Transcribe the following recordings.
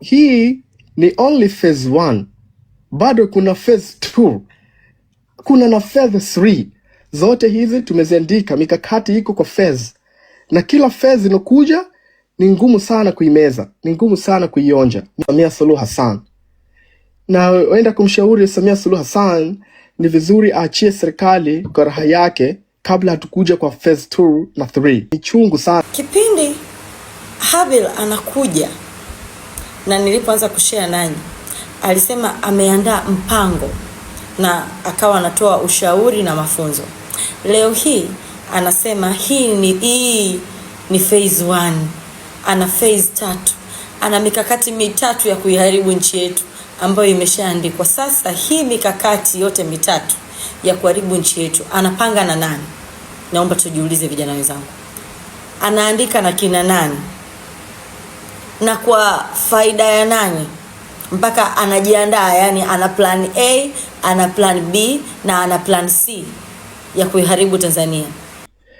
hii ni only phase 1, bado kuna phase 2, kuna na phase 3. Zote hizi tumeziandika, mikakati iko kwa phase, na kila phase inokuja ni ngumu sana kuimeza, ni ngumu sana kuionja. Samia Suluhu Hassan na wenda kumshauri Samia Suluhu Hassan ni vizuri aachie serikali kwa raha yake kabla hatukuja kwa phase 2 na 3. Ni chungu sana. Kipindi Habil anakuja na nilipoanza kushare nanyi, alisema ameandaa mpango na akawa anatoa ushauri na mafunzo. Leo hii anasema hii ni, hii ni phase 1, ana phase tatu, ana mikakati mitatu ya kuiharibu nchi yetu ambayo imeshaandikwa. Sasa hii mikakati yote mitatu ya kuharibu nchi yetu anapanga na nani? Naomba tujiulize, vijana wenzangu, anaandika na kina nani? na kwa faida ya nani? Mpaka anajiandaa, yani ana plan A, ana plan B na ana plan C ya kuiharibu Tanzania.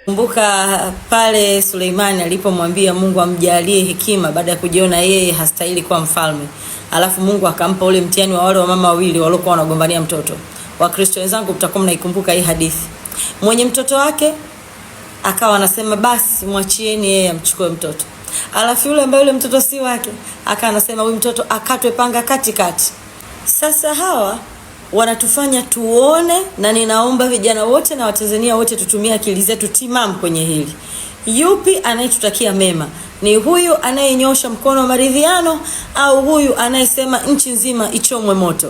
Kumbuka pale Suleimani alipomwambia Mungu amjalie hekima baada ya kujiona yeye hastahili kuwa mfalme, alafu Mungu akampa ule mtihani wa wale wa mama wawili waliokuwa wanagombania mtoto. Wakristo wenzangu, mtakuwa mnaikumbuka hii hadithi. Mwenye mtoto wake akawa anasema basi mwachieni yeye amchukue mtoto alafu yule ambaye yule mtoto si wake aka anasema huyu mtoto akatwe panga katikati. Sasa hawa wanatufanya tuone, na ninaomba vijana wote na Watanzania wote tutumie akili zetu timamu kwenye hili. Yupi anayetutakia mema? Ni huyu anayenyosha mkono wa maridhiano au huyu anayesema nchi nzima ichomwe moto?